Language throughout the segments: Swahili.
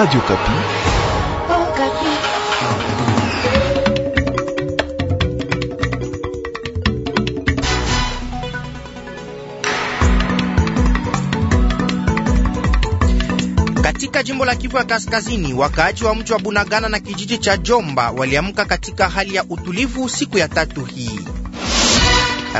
Radio Kapi. Oh, Kapi. Katika jimbo la Kivu ya Kaskazini, wakaaji wa mji wa Bunagana na kijiji cha Jomba waliamka katika hali ya utulivu siku ya tatu hii.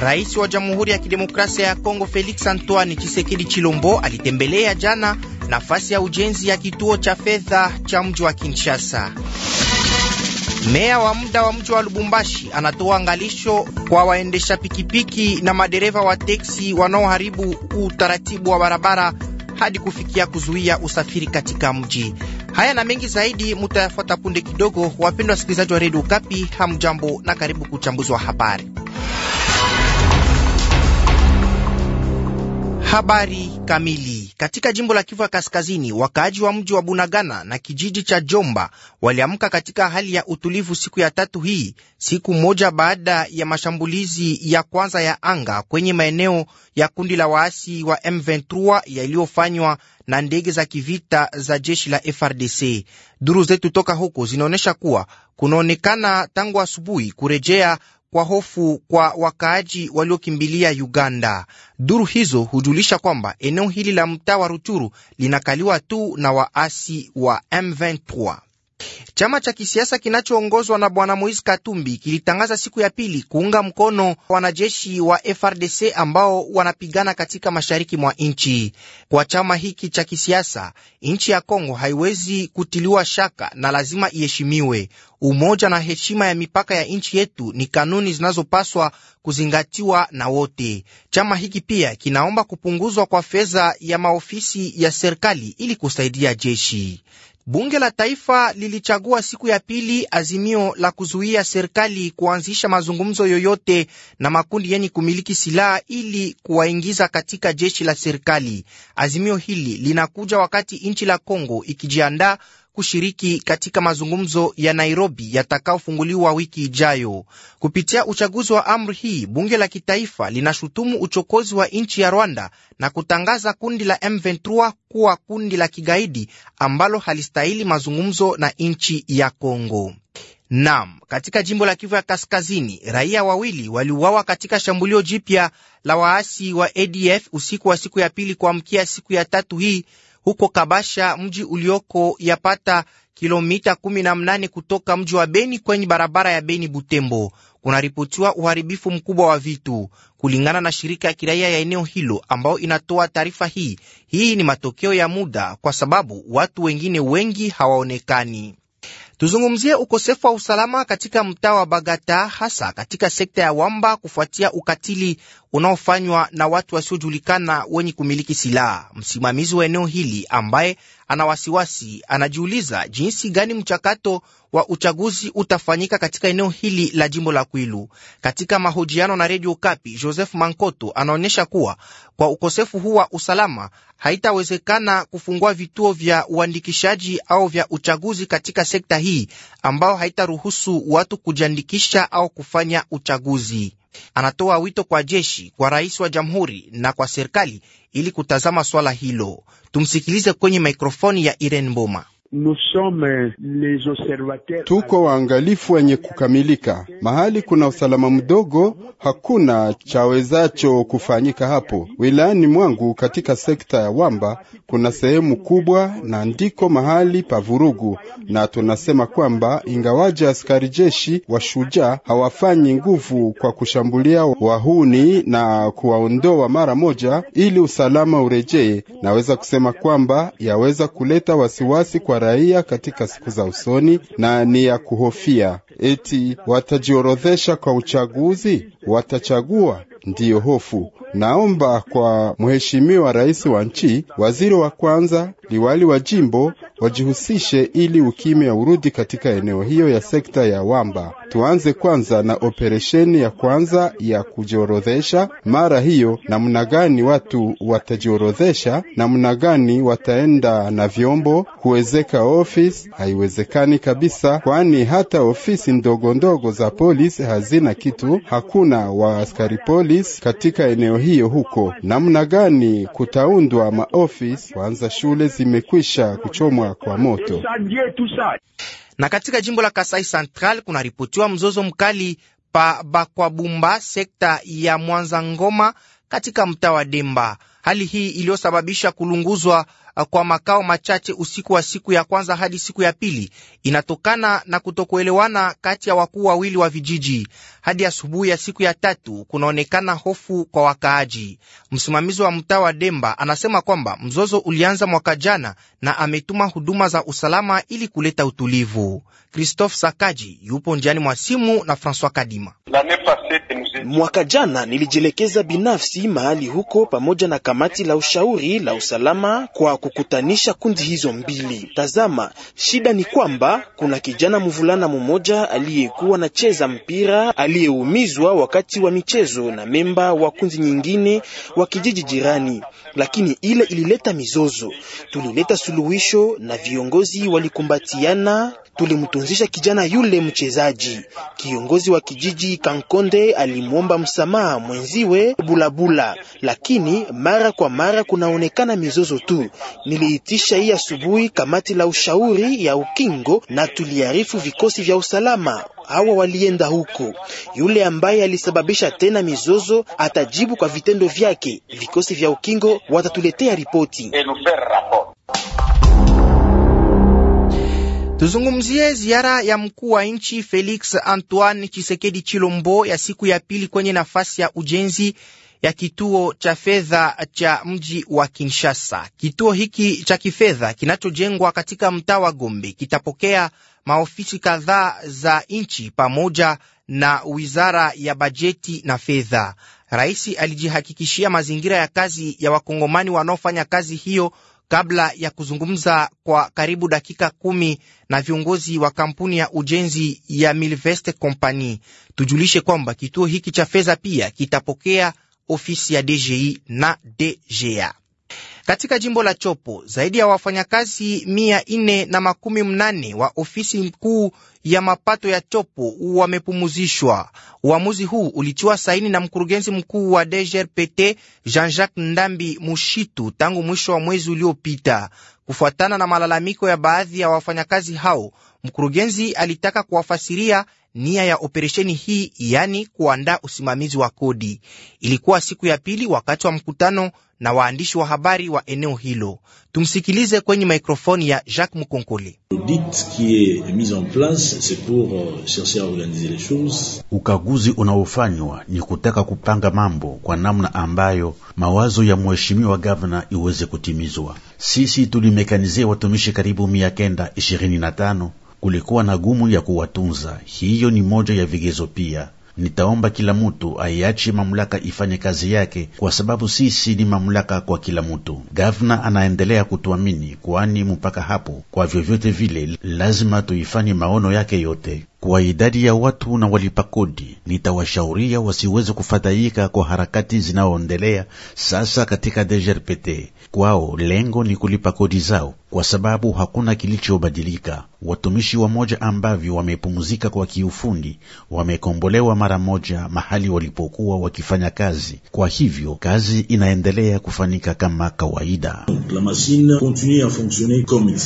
Rais wa Jamhuri ya Kidemokrasia ya Kongo Felix Antoine Chisekedi Chilombo alitembelea jana nafasi ya ujenzi ya kituo cha fedha cha mji wa Kinshasa. Meya wa muda wa mji wa Lubumbashi anatoa angalisho kwa waendesha pikipiki na madereva wa teksi wanaoharibu utaratibu wa barabara hadi kufikia kuzuia usafiri katika mji. Haya na mengi zaidi mutayafuata punde kidogo. Wapendwa wasikilizaji wa redio Kapi, hamjambo na karibu kuchambuzwa habari Habari kamili. Katika jimbo la Kivu ya Kaskazini, wakaaji wa mji wa Bunagana na kijiji cha Jomba waliamka katika hali ya utulivu siku ya tatu hii, siku moja baada ya mashambulizi ya kwanza ya anga kwenye maeneo ya kundi la waasi wa M23 yaliyofanywa na ndege za kivita za jeshi la FRDC. Duru zetu toka huko zinaonyesha kuwa kunaonekana tangu asubuhi kurejea kwa hofu kwa wakaaji waliokimbilia Uganda. Duru hizo hujulisha kwamba eneo hili la mtaa wa Ruchuru linakaliwa tu na waasi wa M23. Chama cha kisiasa kinachoongozwa na bwana Mois Katumbi kilitangaza siku ya pili kuunga mkono wanajeshi wa FRDC ambao wanapigana katika mashariki mwa nchi. Kwa chama hiki cha kisiasa, nchi ya Kongo haiwezi kutiliwa shaka na lazima iheshimiwe. Umoja na heshima ya mipaka ya nchi yetu ni kanuni zinazopaswa kuzingatiwa na wote. Chama hiki pia kinaomba kupunguzwa kwa fedha ya maofisi ya serikali ili kusaidia jeshi. Bunge la Taifa lilichagua siku ya pili azimio la kuzuia serikali kuanzisha mazungumzo yoyote na makundi yenye kumiliki silaha ili kuwaingiza katika jeshi la serikali. Azimio hili linakuja wakati nchi la Kongo ikijiandaa kushiriki katika mazungumzo ya Nairobi yatakayofunguliwa wiki ijayo. Kupitia uchaguzi wa amri hii, bunge la kitaifa linashutumu uchokozi wa nchi ya Rwanda na kutangaza kundi la M23 kuwa kundi la kigaidi ambalo halistahili mazungumzo na nchi ya Kongo. Nam, katika jimbo la Kivu ya Kaskazini, raia wawili waliuawa katika shambulio jipya la waasi wa ADF usiku wa siku ya pili kuamkia siku ya tatu hii huko Kabasha, mji ulioko yapata kilomita 18 kutoka mji wa Beni kwenye barabara ya Beni Butembo, kunaripotiwa uharibifu mkubwa wa vitu, kulingana na shirika ya kiraia ya eneo hilo ambayo inatoa taarifa hii. Hii ni matokeo ya muda, kwa sababu watu wengine wengi hawaonekani. Tuzungumzie ukosefu wa usalama katika mtaa wa Bagata, hasa katika sekta ya Wamba, kufuatia ukatili unaofanywa na watu wasiojulikana wenye kumiliki silaha. Msimamizi wa eneo hili ambaye ana wasiwasi anajiuliza jinsi gani mchakato wa uchaguzi utafanyika katika eneo hili la jimbo la Kwilu. Katika mahojiano na redio Kapi, Joseph Mankoto anaonyesha kuwa kwa ukosefu huu wa usalama haitawezekana kufungua vituo vya uandikishaji au vya uchaguzi katika sekta hii ambao haitaruhusu watu kujiandikisha au kufanya uchaguzi. Anatoa wito kwa jeshi, kwa rais wa jamhuri na kwa serikali ili kutazama swala hilo. Tumsikilize kwenye mikrofoni ya Irene Mboma. Euh, Tuko waangalifu wenye kukamilika. Mahali kuna usalama mdogo, hakuna chawezacho kufanyika hapo. Wilayani mwangu katika sekta ya Wamba kuna sehemu kubwa na ndiko mahali pa vurugu, na tunasema kwamba ingawaje askari jeshi wa shujaa hawafanyi nguvu kwa kushambulia wahuni na kuwaondoa mara moja ili usalama urejee, naweza kusema kwamba yaweza kuleta wasiwasi kwa raia katika siku za usoni, na ni ya kuhofia. Eti watajiorodhesha kwa uchaguzi, watachagua ndiyo hofu. Naomba kwa mheshimiwa rais wa nchi, waziri wa kwanza liwali wa jimbo wajihusishe ili ukimya ya urudi katika eneo hiyo ya sekta ya Wamba. Tuanze kwanza na operesheni ya kwanza ya kujiorodhesha. Mara hiyo namna gani watu watajiorodhesha, namna gani wataenda na vyombo kuwezeka ofisi? Haiwezekani kabisa, kwani hata ofisi ndogo ndogo za polisi hazina kitu. Hakuna waaskari polisi katika eneo hiyo huko. Namna gani kutaundwa maofisi? Kwanza shule zimekwisha kuchomwa kwa moto. Na katika jimbo la Kasai Central kunaripotiwa mzozo mkali pa Bakwabumba, sekta ya Mwanza Ngoma, katika mtaa wa Demba, hali hii iliyosababisha kulunguzwa Uh, kwa makao machache usiku wa siku ya kwanza hadi siku ya pili inatokana na kutokuelewana kati ya wakuu wawili wa vijiji. Hadi asubuhi ya siku ya tatu kunaonekana hofu kwa wakaaji. Msimamizi wa mtaa wa Demba anasema kwamba mzozo ulianza mwaka jana na ametuma huduma za usalama ili kuleta utulivu. Christophe Sakaji yupo njiani mwa simu na Francois Kadima. Mwaka jana nilijielekeza binafsi mahali huko pamoja na kamati la ushauri la usalama kwa kukutanisha kundi hizo mbili. Tazama, shida ni kwamba kuna kijana mvulana mmoja aliyekuwa anacheza mpira aliyeumizwa wakati wa michezo na memba wa kundi nyingine wa kijiji jirani, lakini ile ilileta mizozo. Tulileta suluhisho na viongozi walikumbatiana, tulimtunzisha kijana yule mchezaji. Kiongozi wa kijiji Kankonde alimwomba msamaha mwenziwe Bulabula, lakini mara kwa mara kunaonekana mizozo tu. Niliitisha hii asubuhi kamati la ushauri ya ukingo na tuliarifu vikosi vya usalama. Hawa walienda huko. Yule ambaye alisababisha tena mizozo atajibu kwa vitendo vyake. Vikosi vya ukingo watatuletea ripoti. Tuzungumzie ziara ya mkuu wa nchi Felix Antoine Chisekedi Chilombo ya siku ya pili kwenye nafasi ya ujenzi ya kituo cha fedha cha mji wa Kinshasa. Kituo hiki cha kifedha kinachojengwa katika mtaa wa Gombe kitapokea maofisi kadhaa za nchi pamoja na wizara ya bajeti na fedha. Rais alijihakikishia mazingira ya kazi ya wakongomani wanaofanya kazi hiyo kabla ya kuzungumza kwa karibu dakika kumi na viongozi wa kampuni ya ujenzi ya Milvest Company. Tujulishe kwamba kituo hiki cha fedha pia kitapokea ofisi ya DGI na DGA. Katika jimbo la Chopo zaidi ya wafanyakazi mia nne na makumi mnane wa ofisi mkuu ya mapato ya Chopo wamepumuzishwa. Uamuzi huu ulitiwa saini na mkurugenzi mkuu wa DGRPT Jean-Jacques Ndambi Mushitu tangu mwisho wa mwezi uliopita, kufuatana na malalamiko ya baadhi ya wafanyakazi hao mkurugenzi alitaka kuwafasiria nia ya operesheni hii, yani kuandaa usimamizi wa kodi. Ilikuwa siku ya pili wakati wa mkutano na waandishi wa habari wa eneo hilo. Tumsikilize kwenye mikrofoni ya Jacques Mkonkole. Euh, Ukaguzi unaofanywa ni kutaka kupanga mambo kwa namna ambayo mawazo ya mheshimiwa gavana iweze kutimizwa. Sisi tulimekanize watumishi karibu mia kenda ishirini na tano kulikuwa na gumu ya kuwatunza. Hiyo ni moja ya vigezo pia. Nitaomba kila mtu aiache mamlaka ifanye kazi yake, kwa sababu sisi ni mamlaka kwa kila mtu. gavna anaendelea kutuamini, kwani mpaka hapo, kwa vyovyote vile, lazima tuifanye maono yake yote kwa idadi ya watu na walipa kodi. Nitawashauria wasiweze kufadhaika kwa harakati zinaoendelea sasa katika DGRPT. Kwao lengo ni kulipa kodi zao, kwa sababu hakuna kilichobadilika. Watumishi wamoja ambavyo wamepumzika kwa kiufundi wamekombolewa mara moja mahali walipokuwa wakifanya kazi. Kwa hivyo kazi inaendelea kufanyika kama kawaida. La machine continue a fonctionner comme il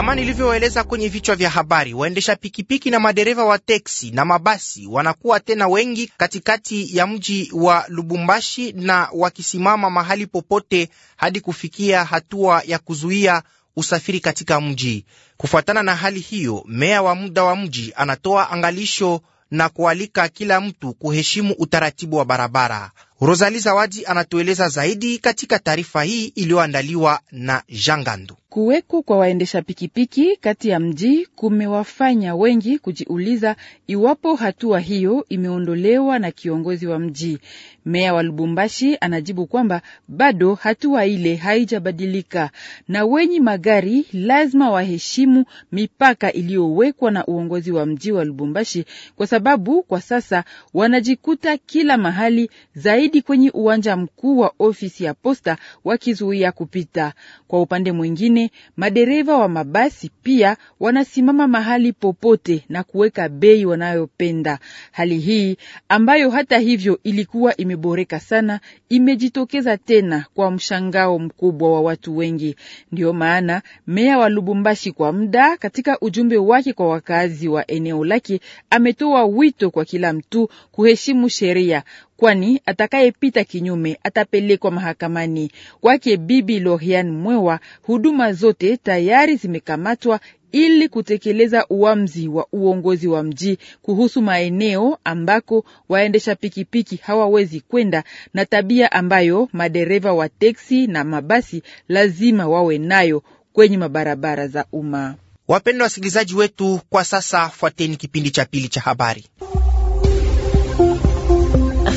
kama nilivyoeleza kwenye vichwa vya habari, waendesha pikipiki na madereva wa teksi na mabasi wanakuwa tena wengi katikati ya mji wa Lubumbashi na wakisimama mahali popote hadi kufikia hatua ya kuzuia usafiri katika mji. Kufuatana na hali hiyo, meya wa muda wa mji anatoa angalisho na kualika kila mtu kuheshimu utaratibu wa barabara. Rosali Zawadi anatueleza zaidi katika taarifa hii iliyoandaliwa na Jangandu. Kuweko kwa waendesha pikipiki kati ya mji kumewafanya wengi kujiuliza iwapo hatua hiyo imeondolewa na kiongozi wa mji. Meya wa Lubumbashi anajibu kwamba bado hatua ile haijabadilika na wenye magari lazima waheshimu mipaka iliyowekwa na uongozi wa mji wa Lubumbashi, kwa sababu kwa sasa wanajikuta kila mahali, zaidi kwenye uwanja mkuu wa ofisi ya posta, wakizuia kupita. Kwa upande mwingine wengine, madereva wa mabasi pia wanasimama mahali popote na kuweka bei wanayopenda. Hali hii ambayo hata hivyo ilikuwa imeboreka sana, imejitokeza tena kwa mshangao mkubwa wa watu wengi. Ndiyo maana meya wa Lubumbashi kwa muda, katika ujumbe wake kwa wakazi wa eneo lake, ametoa wito kwa kila mtu kuheshimu sheria kwani atakayepita kinyume atapelekwa mahakamani. Kwake Bibi Lorian Mwewa, huduma zote tayari zimekamatwa ili kutekeleza uamuzi wa uongozi wa mji kuhusu maeneo ambako waendesha pikipiki hawawezi kwenda na tabia ambayo madereva wa teksi na mabasi lazima wawe nayo kwenye mabarabara za umma. Wapendwa wasikilizaji wetu, kwa sasa fuateni kipindi cha pili cha habari.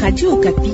Radio Okapi.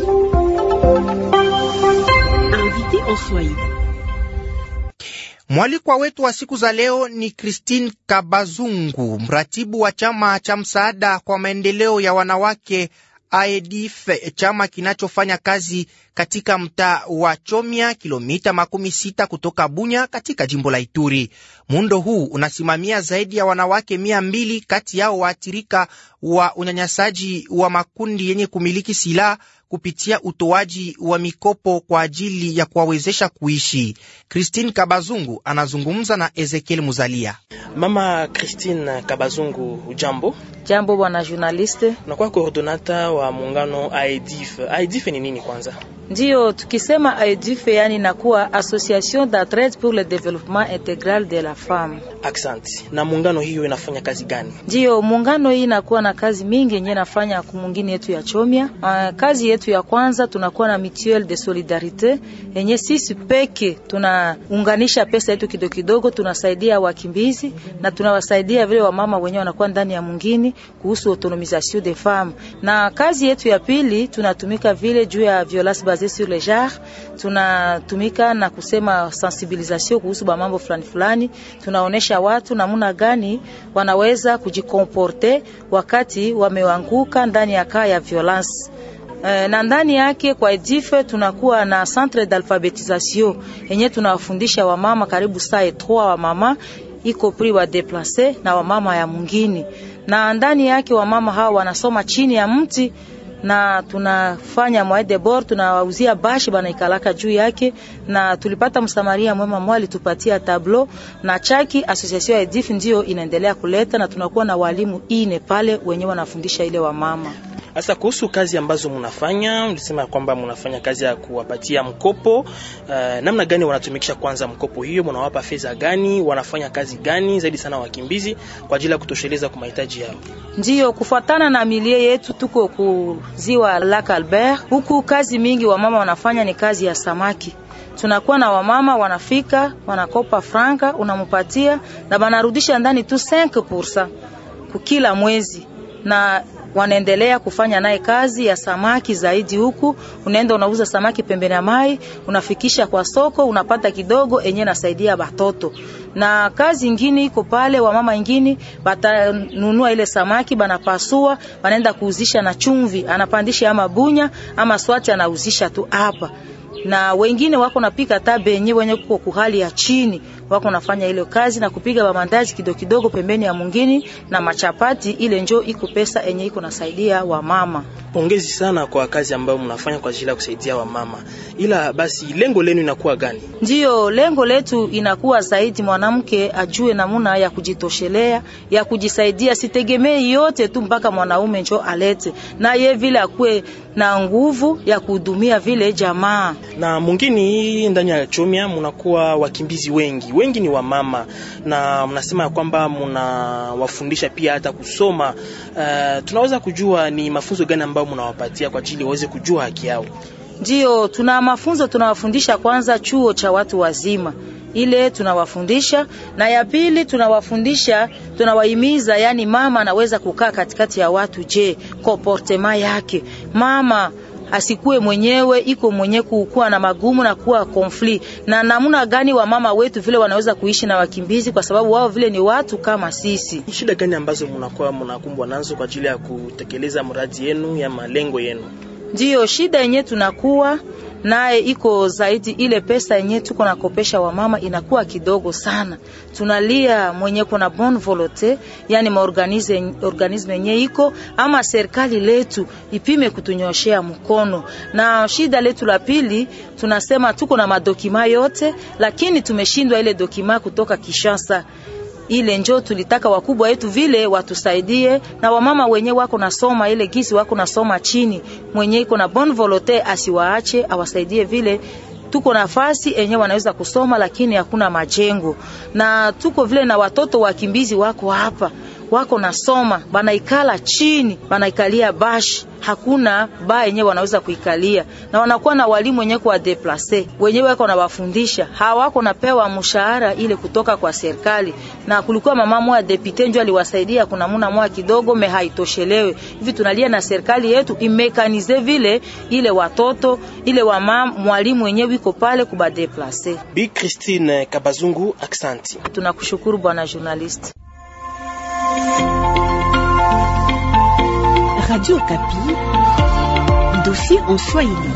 Mwalikwa wetu wa siku za leo ni Christine Kabazungu, mratibu wa chama cha msaada kwa maendeleo ya wanawake AEDIF, chama kinachofanya kazi katika mtaa wa Chomia, kilomita makumi sita kutoka Bunya katika jimbo la Ituri. Muundo huu unasimamia zaidi ya wanawake mia mbili kati yao waathirika wa unyanyasaji wa makundi yenye kumiliki silaha kupitia utoaji wa mikopo kwa ajili ya kuwawezesha kuishi. Christine Kabazungu anazungumza na Ezekiel Muzalia. Mama Christine Kabazungu, ujambo. Jambo bwana journaliste. Unakuwa koordonata wa muungano AIDF. AIDF ni nini kwanza? Ndiyo, tukisema AEDIFE yani inakuwa Association d'Entraide pour le Développement Intégral de la Femme. Aksanti. Na muungano hiyo inafanya kazi gani? Ndiyo, muungano hii inakuwa na kazi mingi yenye nafanya kumungini yetu ya Chomia. Uh, kazi yetu ya kwanza tunakuwa na mutuelle de solidarité yenye sisi peke tunaunganisha pesa yetu kidogo kidogo, tunasaidia wakimbizi na tunawasaidia vile wamama wenyewe wanakuwa ndani ya mungini kuhusu autonomisation des femmes. Na kazi yetu ya pili tunatumika vile juu ya violence baze sur le genre, tunatumika na kusema sensibilisation kuhusu mambo fulani fulani. Tunaonesha watu namna gani wanaweza kujikomporte wakati wameanguka ndani ya kaa ya violence eh, na ndani yake kwa Edife tunakuwa na centre d'alphabetisation yenye tunawafundisha wamama karibu saa etwa wamama iko pri wa deplace na wamama ya mungini na ndani yake wamama hawa wanasoma chini ya mti na tunafanya mwa de bord, tunawauzia bashi banaikalaka juu yake, na tulipata msamaria mwema mwa alitupatia tablo na chaki. Association ya Edif ndio inaendelea kuleta na tunakuwa na walimu ine pale wenyewe wanafundisha ile wamama sasa kuhusu kazi ambazo mnafanya, mlisema kwamba mnafanya kazi ya kuwapatia mkopo. Uh, namna gani wanatumikisha kwanza mkopo hiyo? Mnawapa fedha gani? Wanafanya kazi gani zaidi sana wakimbizi kwa ajili ya kutosheleza kwa mahitaji yao? ndio kufuatana na milie yetu tuko kuziwa Lac Albert. Huku kazi mingi wamama wanafanya ni kazi ya samaki tunakuwa na wamama wanafika wanakopa franka unamupatia na banarudisha ndani tu 5% kukila mwezi, na wanaendelea kufanya naye kazi ya samaki zaidi. Huku unaenda unauza samaki pembeni ya mai, unafikisha kwa soko, unapata kidogo enye nasaidia batoto na kazi ingine iko pale, wa mama ingine batanunua ile samaki banapasua, banaenda kuuzisha na chumvi, anapandisha ama bunya ama swati, anauzisha tu hapa na wengine wako napika hata benye wenye kuko kuhali ya chini wako nafanya ile kazi na kupiga bamandazi kidogo kidogo pembeni ya mungini na machapati, ile njo iko pesa enye iko nasaidia wamama. Pongezi sana kwa kazi ambayo mnafanya kwa ajili ya kusaidia wamama, ila basi lengo lenu inakuwa gani? Ndiyo, lengo letu inakuwa zaidi mwanamke ajue namuna ya kujitoshelea ya kujisaidia, sitegemei yote tu mpaka mwanaume njo alete na ye vile akue na nguvu ya kuhudumia vile jamaa. Na mwingine hii ndani ya Chomia mnakuwa wakimbizi wengi, wengi ni wamama, na mnasema ya kwamba mnawafundisha pia hata kusoma. Uh, tunaweza kujua ni mafunzo gani ambayo mnawapatia kwa ajili waweze kujua haki yao? Ndiyo, tuna mafunzo tunawafundisha kwanza chuo cha watu wazima ile tunawafundisha na ya pili tunawafundisha, tunawahimiza yani, mama anaweza kukaa katikati ya watu. Je, komportema yake mama asikuwe mwenyewe iko mwenye kukuwa na magumu na kuwa konfli, na namna gani wa mama wetu vile wanaweza kuishi na wakimbizi, kwa sababu wao vile ni watu kama sisi. Shida gani ambazo mnakuwa mnakumbwa nazo kwa ajili ya kutekeleza mradi yenu ya malengo yenu? Ndiyo shida yenye tunakuwa naye iko zaidi ile pesa yenye tuko nakopesha wamama inakuwa kidogo sana. Tunalia mwenye kuna bon volonte, yani organisme yenye iko ama serikali letu ipime kutunyoshea mkono. Na shida letu la pili, tunasema tuko na madokima yote, lakini tumeshindwa ile dokima kutoka Kishasa. Ile njo tulitaka wakubwa wetu vile watusaidie, na wamama wenye wako nasoma ile gisi wako nasoma chini, mwenye iko na bon volonte asiwaache, awasaidie vile tuko nafasi enye wanaweza kusoma, lakini hakuna majengo na tuko vile na watoto wakimbizi wako hapa wako nasoma, wanaikala chini, wanaikalia bashi, hakuna ba yenyewe wanaweza kuikalia, na wanakuwa na walimu wenye kuwa deplase wenyewe wako nawafundisha, hawako napewa mshahara ile kutoka kwa serikali. Na kulikuwa mama moja depute ndio aliwasaidia kuna muna moja kidogo, me haitoshelewe hivi, tunalia na serikali yetu imekanize vile ile watoto ile wamama, mwalimu wenyewe iko pale kuba deplase. Bi Christine Kabazungu, aksanti, tunakushukuru bwana journalist. Radio Okapi, dossier en Swahili.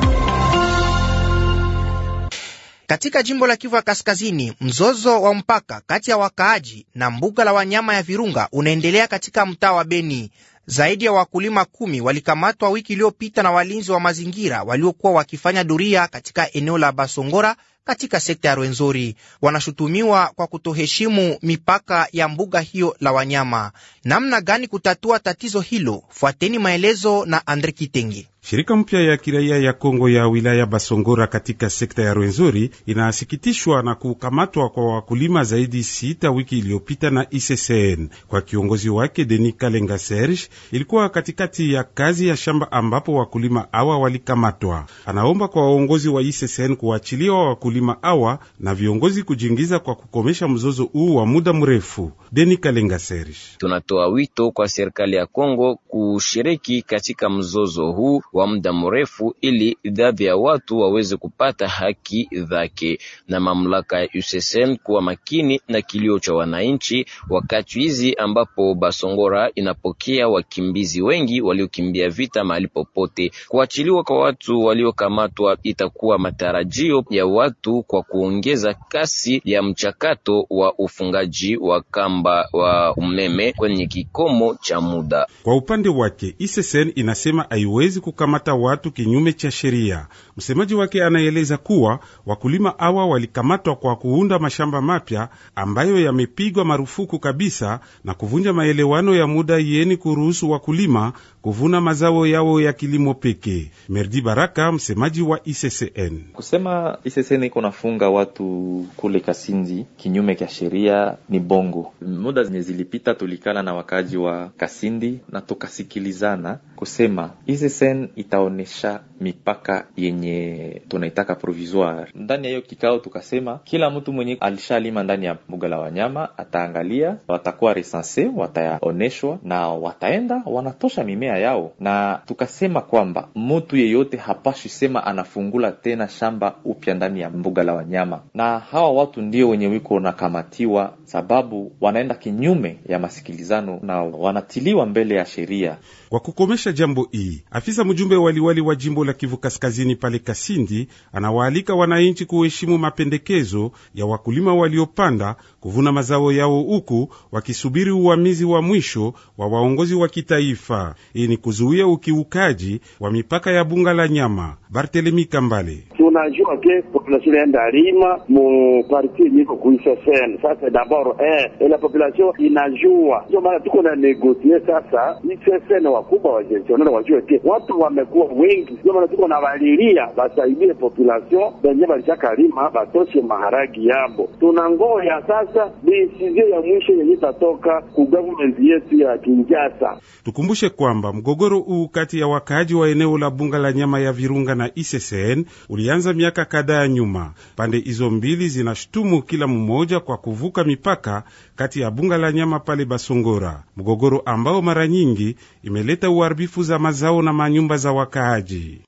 Katika jimbo la Kivu ya Kaskazini, mzozo wa mpaka kati ya wakaaji na mbuga la wanyama ya Virunga unaendelea katika mtaa wa Beni. Zaidi ya wakulima kumi walikamatwa wiki iliyopita na walinzi wa mazingira waliokuwa wakifanya doria katika eneo la Basongora katika sekta ya Rwenzori wanashutumiwa kwa kutoheshimu mipaka ya mbuga hiyo la wanyama. Namna gani kutatua tatizo hilo? Fuateni maelezo na Andre Kitenge. Shirika mpya ya kiraia ya Kongo ya wilaya Basongora katika sekta ya Rwenzori inasikitishwa na kukamatwa kwa wakulima zaidi sita wiki iliyopita na ICCN kwa kiongozi wake Denis Kalenga Serge. Ilikuwa katikati ya kazi ya shamba ambapo wakulima hawa walikamatwa. Anaomba kwa waongozi wa ICCN kuachiliwa wakulima wakulima awa na viongozi kujiingiza kwa kukomesha mzozo huu wa muda mrefu. Deni Kalenga Serish: tunatoa wito kwa serikali ya Kongo kushiriki katika mzozo huu wa muda mrefu ili idadi ya watu waweze kupata haki zake, na mamlaka ya USSN kuwa makini na kilio cha wananchi wakati hizi ambapo Basongora inapokea wakimbizi wengi waliokimbia vita mahali popote. Kuachiliwa kwa watu waliokamatwa itakuwa matarajio ya watu tatu kwa kuongeza kasi ya mchakato wa ufungaji wa kamba wa umeme kwenye kikomo cha muda. Kwa upande wake, ISSN inasema haiwezi kukamata watu kinyume cha sheria. Msemaji wake anaeleza kuwa wakulima awa walikamatwa kwa kuunda mashamba mapya ambayo yamepigwa marufuku kabisa na kuvunja maelewano ya muda yeni kuruhusu wakulima kuvuna mazao yao ya kilimo pekee. Merdi Baraka, msemaji wa ISSN, kusema ISSN niko nafunga watu kule Kasinzi kinyume cha sheria ni bongo. Muda zenye zilipita, tulikala na wakaji wa Kasindi na tukasikilizana kusema hizi sen itaonesha mipaka yenye tunaitaka provisoire. Ndani ya hiyo kikao tukasema kila mtu mwenye alishalima ndani ya mbuga la wanyama ataangalia, watakuwa resense, wataoneshwa na wataenda wanatosha mimea yao, na tukasema kwamba mtu yeyote hapashi sema anafungula tena shamba upya ndani ya mbuga la wanyama, na hawa watu ndio wenye wiko nakamatiwa, sababu wanaenda kinyume ya masikilizano na wanatiliwa mbele ya sheria kwa kukomesha jambo hii. Afisa mjumbe waliwali wa jimbo la Kivu Kaskazini pale Kasindi anawaalika wananchi kuheshimu mapendekezo ya wakulima waliopanda kuvuna mazao yao huku wakisubiri uhamizi wa mwisho wa waongozi wa kitaifa ni kuzuia ukiukaji wa mipaka ya bunga la nyama. Barthelemy Kambale: tunajua ke population enda lima mu parti niko kuisha sen sasa, dabord eh la population inajua, ndio maana tuko na negosie sasa isesene wakubwa wa gestionnaire wajue ke watu wamekuwa wengi, ndio maana tuko na walilia basaidie population benye balishaka lima batoshe maharagi yabo, tunangoya sasa hata desizio ya mwisho yenye tatoka ku government yetu ya Kinjasa. Tukumbushe kwamba mgogoro huu kati ya wakaaji wa eneo la bunga la nyama ya Virunga na ISSN ulianza miaka kadhaa ya nyuma. Pande hizo mbili zinashutumu kila mmoja kwa kuvuka mipaka kati ya bunga la nyama pale Basongora, mgogoro ambao mara nyingi imeleta uharibifu za mazao na manyumba za wakaaji.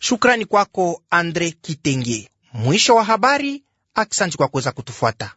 Shukrani kwako Andre Kitenge. Mwisho wa habari. Aksanti kwa kuweza kutufuata.